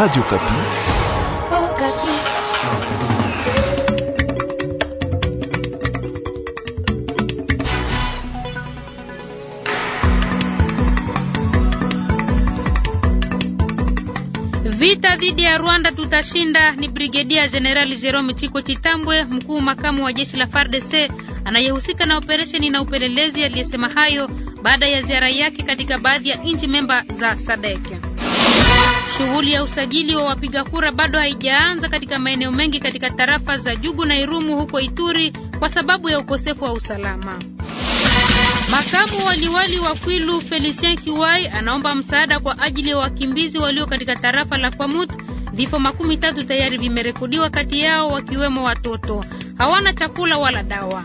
Radio Kapi. Vita dhidi ya Rwanda tutashinda ni Brigedia general Jerome Chiko Chitambwe, mkuu makamu wa jeshi la FARDC anayehusika na operesheni na upelelezi aliyesema hayo baada ya ziara yake katika baadhi ya nchi memba za SADC. Shughuli ya usajili wa wapiga kura bado haijaanza katika maeneo mengi katika tarafa za Jugu na Irumu huko Ituri kwa sababu ya ukosefu wa usalama. Makamu waliwali wa Kwilu Felicien Kiwai anaomba msaada kwa ajili ya wakimbizi walio katika tarafa la Kwamut. Vifo makumi tatu tayari vimerekodiwa kati yao wakiwemo watoto. Hawana chakula wala dawa.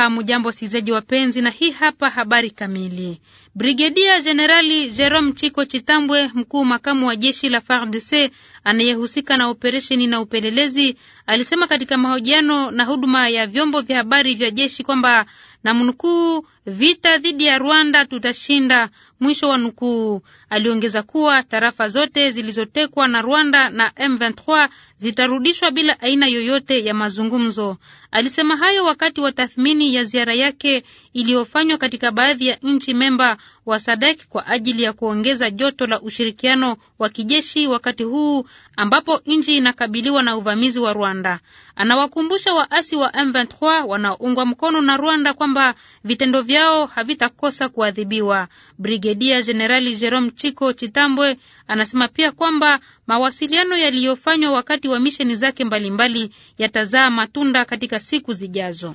Hamujambo wasikilizaji wapenzi, na hii hapa habari kamili. Brigedia Jenerali Jerome Chiko Chitambwe, mkuu makamu wa jeshi la FARDC anayehusika na operesheni na upelelezi alisema katika mahojiano na huduma ya vyombo vya habari vya jeshi kwamba na mnukuu, vita dhidi ya Rwanda tutashinda, mwisho wa nukuu. Aliongeza kuwa tarafa zote zilizotekwa na Rwanda na M23 zitarudishwa bila aina yoyote ya mazungumzo. Alisema hayo wakati wa tathmini ya ziara yake iliyofanywa katika baadhi ya nchi memba wa SADC kwa ajili ya kuongeza joto la ushirikiano wa kijeshi wakati huu ambapo nchi inakabiliwa na uvamizi wa Rwanda. Anawakumbusha waasi wa M23 wanaoungwa mkono na Rwanda kwamba vitendo vyao havitakosa kuadhibiwa. Brigedia Jenerali Jerome Chiko Chitambwe anasema pia kwamba mawasiliano yaliyofanywa wakati wa misheni zake mbalimbali yatazaa matunda katika siku zijazo.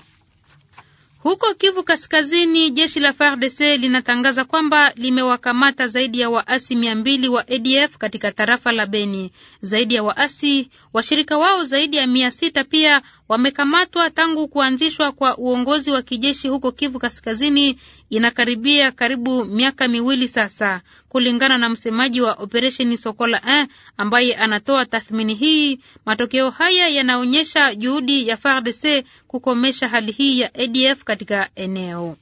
Huko Kivu Kaskazini, jeshi la FARDC linatangaza kwamba limewakamata zaidi ya waasi mia mbili wa ADF katika tarafa la Beni. Zaidi ya waasi washirika wao zaidi ya mia sita pia wamekamatwa tangu kuanzishwa kwa uongozi wa kijeshi huko Kivu Kaskazini, inakaribia karibu miaka miwili sasa, kulingana na msemaji wa operesheni Sokola 1 ambaye anatoa tathmini hii. Matokeo haya yanaonyesha juhudi ya FARDC kukomesha hali hii ya ADF katika eneo.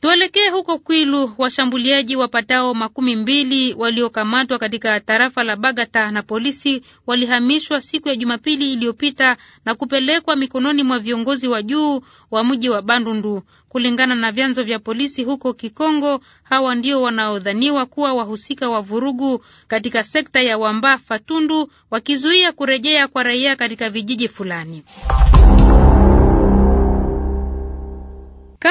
Tuelekee huko Kwilu. Washambuliaji wapatao makumi mbili waliokamatwa katika tarafa la Bagata na polisi walihamishwa siku ya Jumapili iliyopita na kupelekwa mikononi mwa viongozi wa juu wa mji wa Bandundu. Kulingana na vyanzo vya polisi huko Kikongo, hawa ndio wanaodhaniwa kuwa wahusika wa vurugu katika sekta ya Wamba Fatundu, wakizuia kurejea kwa raia katika vijiji fulani.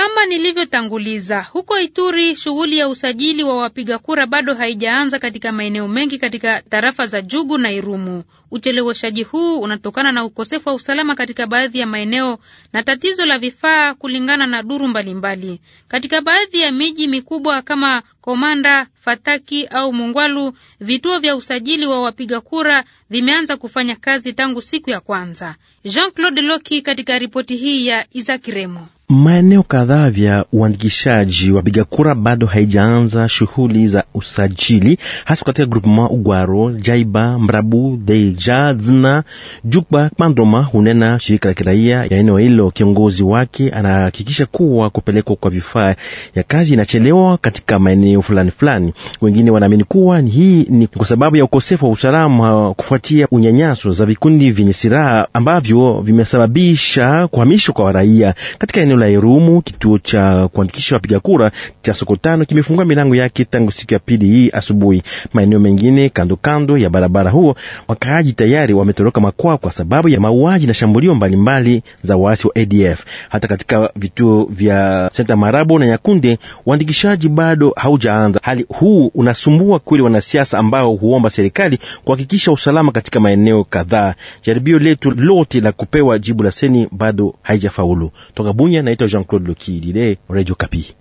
Kama nilivyotanguliza, huko Ituri shughuli ya usajili wa wapiga kura bado haijaanza katika maeneo mengi katika tarafa za Jugu na Irumu. Ucheleweshaji huu unatokana na ukosefu wa usalama katika baadhi ya maeneo na tatizo la vifaa, kulingana na duru mbalimbali mbali. Katika baadhi ya miji mikubwa kama Komanda, Fataki au Mungwalu, vituo vya usajili wa wapiga kura vimeanza kufanya kazi tangu siku ya kwanza. Jean-Claude Loki katika ripoti hii ya Isaac Remo. Maeneo kadhaa vya uandikishaji wapiga kura bado haijaanza shughuli za usajili, hasa katika groupement Ugwaro, Jaiba, Mrabu, Deja, Zna, Jukba, Pandoma, hunena shirika la kiraia ya eneo hilo. Kiongozi wake anahakikisha kuwa kupelekwa kwa vifaa ya kazi inachelewa katika maeneo fulani fulani. Wengine wanaamini kuwa hii ni kwa sababu ya ukosefu wa usalama kufuatia unyanyaso za vikundi vyenye silaha ambavyo vimesababisha kuhamishwa kwa raia katika eneo eneo la Irumu, kituo cha kuandikisha wapiga kura cha Sokotano kimefungua milango yake tangu siku ya pili hii asubuhi. Maeneo mengine kando kando ya barabara huo, wakaaji tayari wametoroka makwao kwa sababu ya mauaji na shambulio mbalimbali za waasi wa ADF. Hata katika vituo vya Senta Marabo na Yakunde uandikishaji bado haujaanza. Hali huu unasumbua kweli wanasiasa ambao huomba serikali kuhakikisha usalama katika maeneo kadhaa. Jaribio letu lote la kupewa jibu la seni bado haijafaulu. Toka Bunya naitwa Jean Claude Dide, Radio Kapi.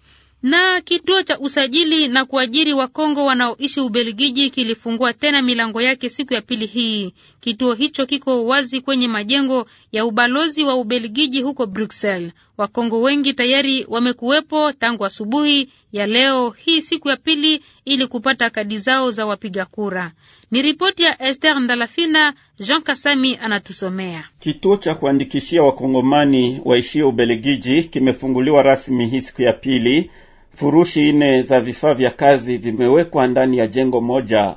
Na kituo cha usajili na kuajiri Wakongo wanaoishi Ubelgiji kilifungua tena milango yake siku ya pili hii. Kituo hicho kiko wazi kwenye majengo ya ubalozi wa Ubelgiji huko Bruxelles. Wakongo wengi tayari wamekuwepo tangu asubuhi ya leo hii siku ya pili ili kupata kadi zao za wapiga kura. Ni ripoti ya Esther Ndalafina, Jean Kasami anatusomea. Kituo cha kuandikishia wakongomani waishio Ubelgiji kimefunguliwa rasmi hii siku ya pili. Furushi nne za vifaa vya kazi vimewekwa ndani ya jengo moja.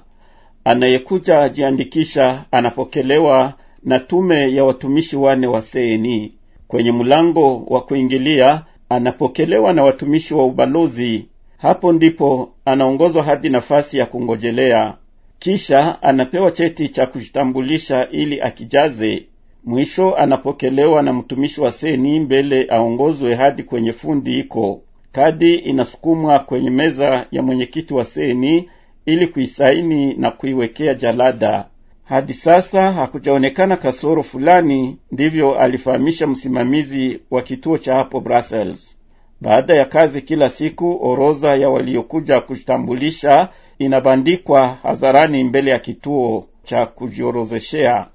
Anayekuja ajiandikisha anapokelewa na tume ya watumishi wane wa seni kwenye mlango wa kuingilia anapokelewa na watumishi wa ubalozi. Hapo ndipo anaongozwa hadi nafasi ya kungojelea, kisha anapewa cheti cha kujitambulisha ili akijaze. Mwisho anapokelewa na mtumishi wa seni mbele aongozwe hadi kwenye fundi iko. Kadi inasukumwa kwenye meza ya mwenyekiti wa seni ili kuisaini na kuiwekea jalada hadi sasa hakujaonekana kasoro fulani, ndivyo alifahamisha msimamizi wa kituo cha hapo Brussels. Baada ya kazi kila siku, orodha ya waliokuja kujitambulisha inabandikwa hadharani mbele ya kituo cha kujiorozeshea.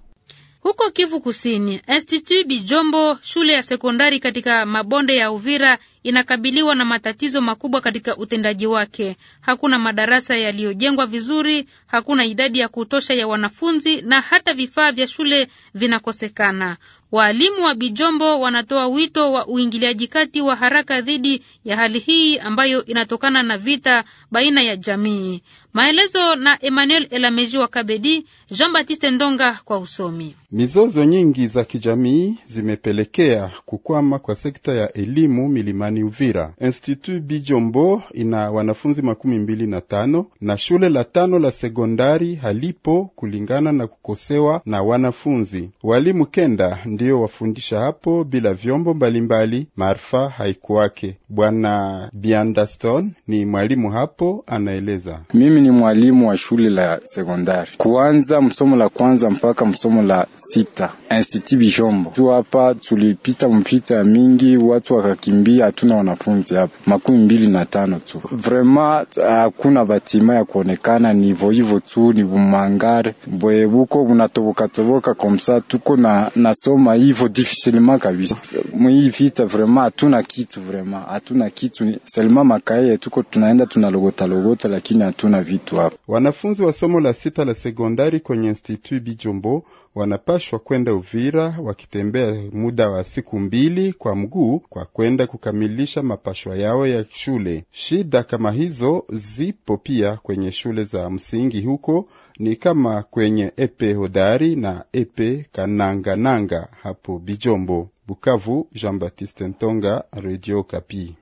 Huko Kivu Kusini, Institut Bijombo, shule ya sekondari katika mabonde ya Uvira inakabiliwa na matatizo makubwa katika utendaji wake. Hakuna madarasa yaliyojengwa vizuri, hakuna idadi ya kutosha ya wanafunzi na hata vifaa vya shule vinakosekana. Waalimu wa Bijombo wanatoa wito wa uingiliaji kati wa haraka dhidi ya hali hii ambayo inatokana na vita baina ya jamii. Maelezo na Emmanuel Elameji wa Kabedi, Jean Baptiste Ndonga kwa usomi. Mizozo nyingi za kijamii zimepelekea kukwama kwa sekta ya elimu milimani mtaani Uvira. Institut Bijombo ina wanafunzi makumi mbili na tano na shule la tano la sekondari halipo kulingana na kukosewa na wanafunzi. Walimu kenda ndiyo wafundisha hapo bila vyombo mbalimbali, marfa haikuwake. Bwana Biandaston ni mwalimu hapo, anaeleza: mimi ni mwalimu wa shule la sekondari kuanza msomo la kwanza mpaka msomo la sita, Institut Bijombo tu hapa tulipita mpita mingi, watu wakakimbia hatuna wanafunzi hapa, makumi mbili na tano tu. Vrema hakuna batima ya kuonekana, ni hivyo hivyo tu, ni bumangare bwe buko bunatoboka toboka komsa, tuko na nasoma hivyo difficilement kabisa mwii vita. Vrema hatuna kitu, vrema hatuna kitu, selma makaye tuko tunaenda tunalogota logota, lakini hatuna vitu hapa. Wanafunzi wa somo la sita la sekondari kwenye Institut Bijombo wanapashwa kwenda Uvira wakitembea muda wa siku mbili kwa mguu kwa kwenda kukamilisha kubadilisha mapashwa yao ya shule. Shida kama hizo zipo pia kwenye shule za msingi huko, ni kama kwenye epe Hodari na epe Kanangananga hapo Bijombo. Bukavu, Jean Baptiste Ntonga, Radio Kapi.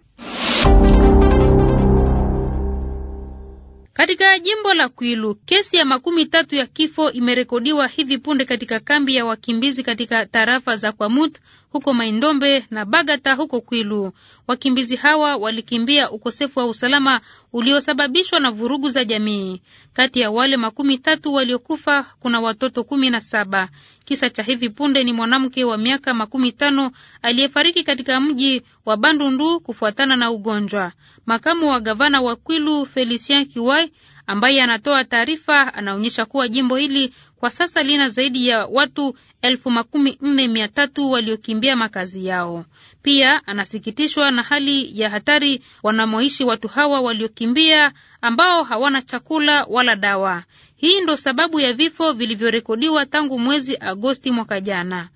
Katika jimbo la Kwilu kesi ya makumi tatu ya kifo imerekodiwa hivi punde katika kambi ya wakimbizi katika tarafa za Kwamut huko Maindombe na Bagata huko Kwilu. Wakimbizi hawa walikimbia ukosefu wa usalama uliosababishwa na vurugu za jamii. Kati ya wale makumi tatu waliokufa kuna watoto kumi na saba. Kisa cha hivi punde ni mwanamke wa miaka makumi tano aliyefariki katika mji wa Bandundu kufuatana na ugonjwa. Makamu wa gavana wa Kwilu Felicien Kiwai ambaye anatoa taarifa anaonyesha kuwa jimbo hili kwa sasa lina zaidi ya watu elfu makumi nne mia tatu waliokimbia makazi yao. Pia anasikitishwa na hali ya hatari wanamoishi watu hawa waliokimbia, ambao hawana chakula wala dawa. Hii ndo sababu ya vifo vilivyorekodiwa tangu mwezi Agosti mwaka jana.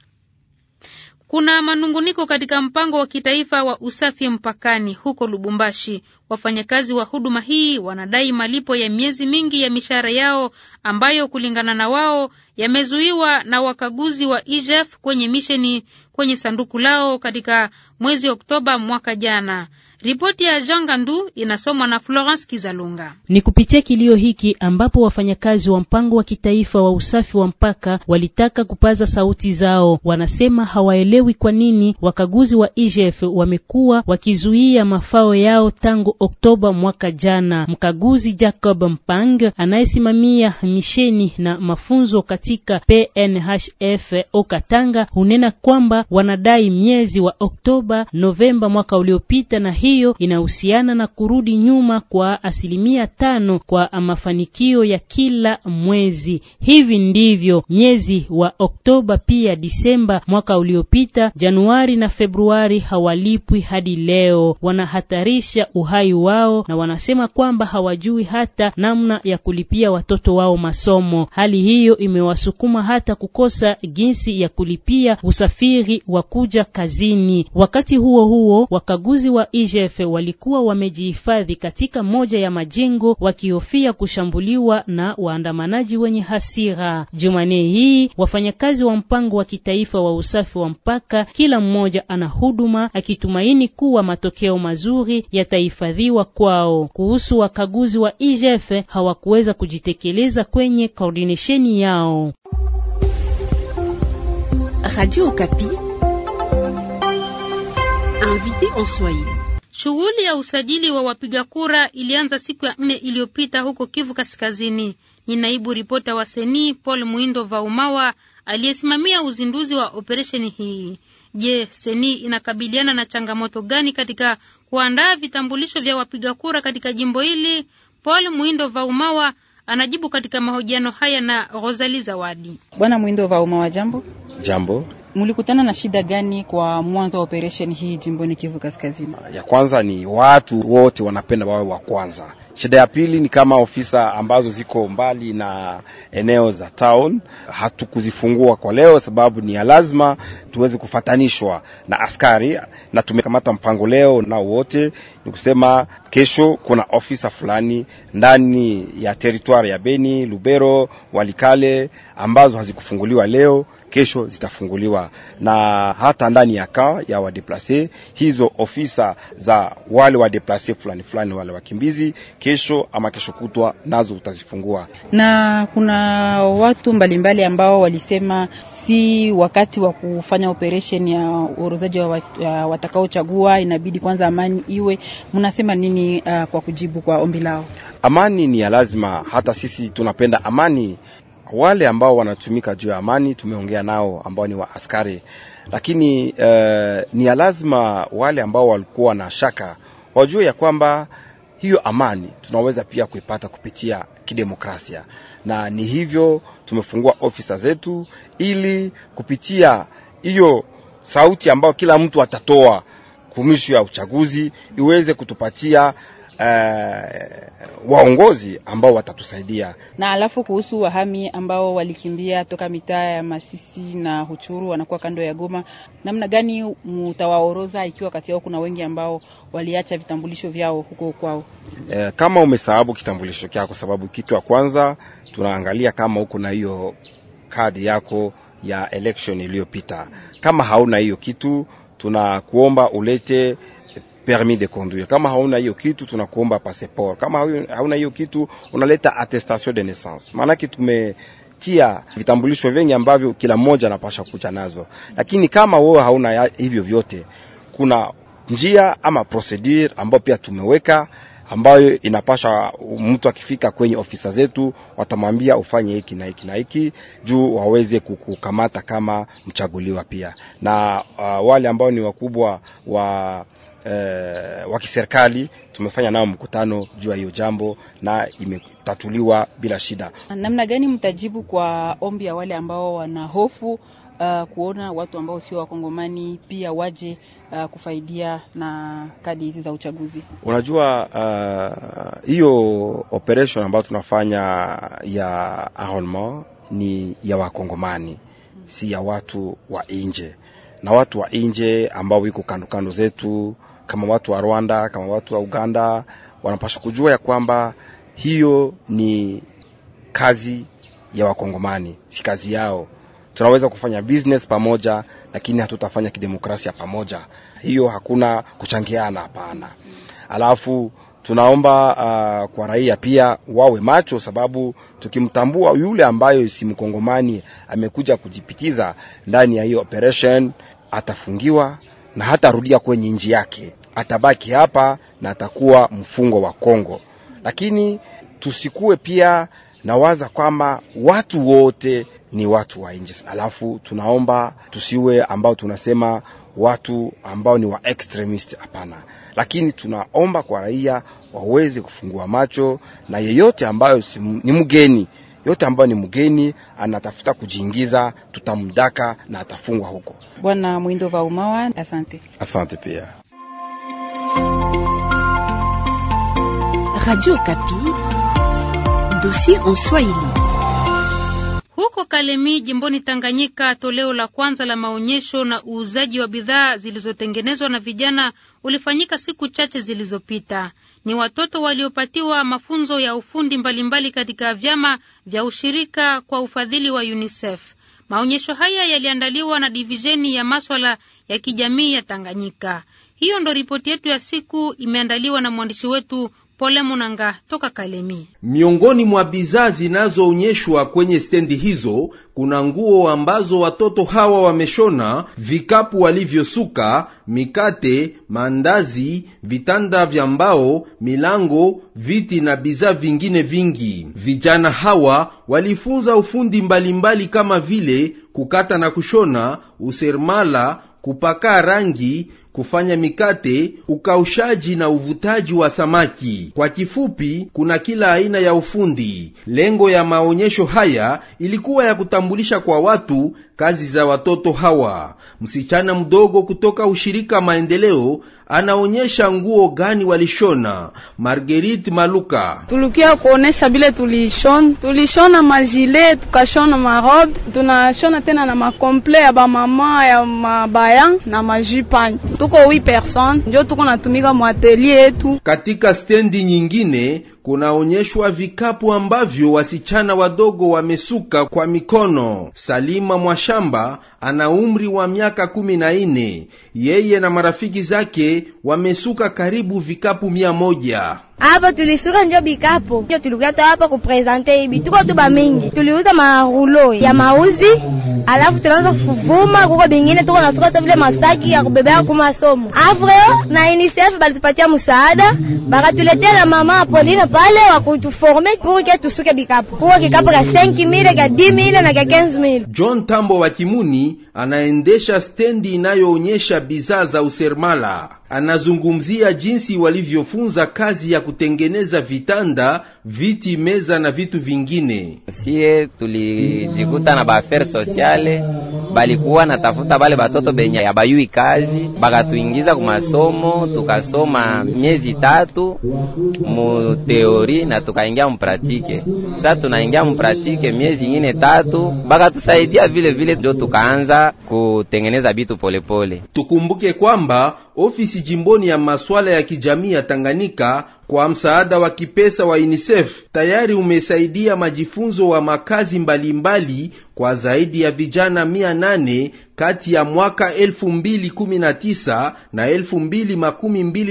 Kuna manunguniko katika mpango wa kitaifa wa usafi mpakani huko Lubumbashi. Wafanyakazi wa huduma hii wanadai malipo ya miezi mingi ya mishahara yao ambayo kulingana na wao yamezuiwa na wakaguzi wa IGF e kwenye misheni kwenye sanduku lao katika mwezi Oktoba mwaka jana. Ripoti ya Jean Gandu inasomwa na Florence Kizalunga. Ni kupitia kilio hiki ambapo wafanyakazi wa mpango wa kitaifa wa usafi wa mpaka walitaka kupaza sauti zao. Wanasema hawaelewi kwa nini wakaguzi wa IGF wamekuwa wakizuia mafao yao tangu Oktoba mwaka jana. Mkaguzi Jacob Mpang anayesimamia misheni na mafunzo katika PNHF Okatanga hunena kwamba wanadai miezi wa Oktoba, Novemba mwaka uliopita na hii hiyo inahusiana na kurudi nyuma kwa asilimia tano kwa mafanikio ya kila mwezi. Hivi ndivyo miezi wa Oktoba pia Disemba mwaka uliopita, Januari na Februari hawalipwi hadi leo, wanahatarisha uhai wao na wanasema kwamba hawajui hata namna ya kulipia watoto wao masomo. Hali hiyo imewasukuma hata kukosa jinsi ya kulipia usafiri wa kuja kazini. Wakati huo huo, wakaguzi wa IJ ADF walikuwa wamejihifadhi katika moja ya majengo wakihofia kushambuliwa na waandamanaji wenye hasira. jumane hii wafanyakazi wa mpango wa kitaifa wa usafi wa mpaka, kila mmoja ana huduma akitumaini kuwa matokeo mazuri yatahifadhiwa kwao. Kuhusu wakaguzi wa IGF hawakuweza kujitekeleza kwenye koordinesheni yao. Radio Okapi, invité en Swahili. Shughuli ya usajili wa wapiga kura ilianza siku ya nne iliyopita huko Kivu Kaskazini. Ni naibu ripota wa Seni Paul Mwindo Vaumawa aliyesimamia uzinduzi wa operesheni hii. Je, Seni inakabiliana na changamoto gani katika kuandaa vitambulisho vya wapiga kura katika jimbo hili? Paul Mwindo Vaumawa anajibu katika mahojiano haya na Rosali Zawadi. Bwana Mwindo Vaumawa, jambo. Jambo. Mlikutana na shida gani kwa mwanzo wa operation hii jimboni Kivu Kaskazini? Ya kwanza ni watu wote wanapenda wawe wa kwanza, Shida ya pili ni kama ofisa ambazo ziko mbali na eneo za town hatukuzifungua kwa leo, sababu ni ya lazima tuweze kufatanishwa na askari, na tumekamata mpango leo nao wote ni kusema kesho kuna ofisa fulani ndani ya teritwari ya Beni, Lubero, Walikale ambazo hazikufunguliwa leo kesho zitafunguliwa na hata ndani ya kaa ya wadeplase hizo ofisa za wale wadeplase fulani fulani wale wakimbizi kesho ama kesho kutwa nazo utazifungua. Na kuna watu mbalimbali mbali ambao walisema si wakati wa kufanya operation ya uorozaji wa watakaochagua, inabidi kwanza amani iwe. Mnasema nini uh, kwa kujibu kwa ombi lao? Amani ni ya lazima, hata sisi tunapenda amani. Wale ambao wanatumika juu ya amani tumeongea nao ambao ni wa askari, lakini uh, ni ya lazima wale ambao walikuwa na shaka wajue ya kwamba hiyo amani tunaweza pia kuipata kupitia kidemokrasia, na ni hivyo tumefungua ofisa zetu ili kupitia hiyo sauti ambayo kila mtu atatoa kumishu ya uchaguzi iweze kutupatia uh, waongozi ambao watatusaidia. Na alafu kuhusu wahami ambao walikimbia toka mitaa ya Masisi na Huchuru wanakuwa kando ya Goma, namna gani mutawaoroza ikiwa kati yao kuna wengi ambao waliacha vitambulisho vyao huko kwao? Uh, kama umesahabu kitambulisho chako, sababu kitu ya kwanza tunaangalia kama huko na hiyo kadi yako ya election iliyopita. Kama hauna hiyo kitu, tunakuomba ulete permis de conduire. Kama hauna hiyo kitu, tunakuomba passport. Kama hauna hiyo kitu, unaleta attestation de naissance, maanake tume tia vitambulisho vingi ambavyo kila mmoja anapasha kucha nazo, lakini kama wewe hauna hivyo vyote, kuna njia ama procedure ambayo pia tumeweka ambayo inapasha mtu akifika kwenye ofisa zetu watamwambia ufanye hiki na hiki na hiki, juu waweze kukukamata kama mchaguliwa pia na uh, wale ambao ni wakubwa wa eh, wa kiserikali tumefanya nao mkutano juu ya hiyo jambo na imetatuliwa bila shida. Namna gani mtajibu kwa ombi ya wale ambao wana hofu uh, kuona watu ambao sio wakongomani pia waje uh, kufaidia na kadi hizi za uchaguzi? Unajua eh, hiyo uh, operation ambayo tunafanya ya enrollment ni ya wakongomani si ya watu wa nje na watu wa nje ambao wiko kando kando zetu kama watu wa Rwanda, kama watu wa Uganda, wanapaswa kujua ya kwamba hiyo ni kazi ya Wakongomani, si kazi yao. Tunaweza kufanya business pamoja, lakini hatutafanya kidemokrasia pamoja. Hiyo hakuna kuchangiana, hapana. Alafu tunaomba uh, kwa raia pia wawe macho, sababu tukimtambua yule ambayo si mkongomani amekuja kujipitiza ndani ya hiyo operation atafungiwa na hatarudia kwenye nji yake, atabaki hapa na atakuwa mfungwa wa Kongo. Lakini tusikuwe pia nawaza kwamba watu wote ni watu wa nji alafu tunaomba tusiwe ambao tunasema watu ambao ni wa extremist. Hapana, lakini tunaomba kwa raia waweze kufungua macho na yeyote ambayo ni mgeni yote ambayo ni mgeni anatafuta kujiingiza, tutamdaka na atafungwa huko. Bwana Mwindo va Umawa, asante. Asante pia Radio Kapi, dossier en Swahili. Huko Kalemi, jimboni Tanganyika, toleo la kwanza la maonyesho na uuzaji wa bidhaa zilizotengenezwa na vijana ulifanyika siku chache zilizopita. Ni watoto waliopatiwa mafunzo ya ufundi mbalimbali katika vyama vya ushirika kwa ufadhili wa UNICEF. Maonyesho haya yaliandaliwa na divisheni ya maswala ya kijamii ya Tanganyika. Hiyo ndo ripoti yetu ya siku, imeandaliwa na mwandishi wetu Pole Munanga toka Kalemi. Miongoni mwa bidhaa zinazoonyeshwa kwenye stendi hizo kuna nguo ambazo watoto hawa wameshona, vikapu walivyosuka, mikate, mandazi, vitanda vya mbao, milango, viti na bidhaa vingine vingi. Vijana hawa walifunza ufundi mbalimbali mbali kama vile kukata na kushona, useremala, kupaka rangi kufanya mikate, ukaushaji na uvutaji wa samaki. Kwa kifupi, kuna kila aina ya ufundi. Lengo ya maonyesho haya ilikuwa ya kutambulisha kwa watu kazi za watoto hawa. Msichana mdogo kutoka ushirika Maendeleo anaonyesha nguo gani walishona. Marguerite Maluka: tulikia kuonesha bile tulishona, tulishona majile, tukashona marobe, tunashona tena na makomple ya bamama ya mabaya na majipani tuko 8 person ndio tuko natumika mwatelier yetu. Katika stendi nyingine kunaonyeshwa vikapu ambavyo wasichana wadogo wamesuka kwa mikono. Salima Mwashamba ana umri wa miaka kumi na nne. Yeye na marafiki zake wamesuka karibu vikapu mia moja. Hapa tulisuka njo bikapu njo tulikuwa hapa kuprezante ibi tuko tuba mingi, tuliuza marulo ya mauzi alafu tunaanza kuvuma kuko bingine tuko natoka hata vile masaki ya kubebea kwa masomo afreo na UNICEF balitupatia msaada, bakatuletea na mama Apoline pale kutuforme pour que tusuke bikapu kuko kikapu ka 5000 ka 10000 na ka 15000. John Tambo wa Kimuni anaendesha stendi inayoonyesha bidhaa za usermala anazungumzia jinsi walivyofunza kazi ya kutengeneza vitanda, viti, meza na vitu vingine. Sie tulijikuta na baafere sosiale balikuwa natafuta bale batoto benye ya bayui kazi, bakatuingiza kumasomo, tukasoma miezi tatu mu teori na tukaingia mpratike. sa tunaingia mupratike miezi ingine tatu, bakatusaidia vile vile, ndio tukaanza kutengeneza bitu polepole pole. Tukumbuke kwamba ofisi jimboni ya masuala ya kijamii ya Tanganyika kwa msaada wa kipesa wa UNICEF tayari umesaidia majifunzo wa makazi mbalimbali mbali kwa zaidi ya vijana mia nane kati ya mwaka 2019 na tisa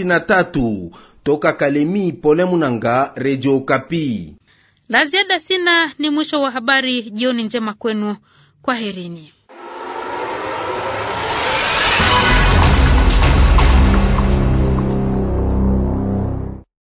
na tatu. Toka Kalemi, Pole Munanga, Redio Okapi. La ziada sina, ni mwisho wa habari. Jioni njema kwenu, kwaherini.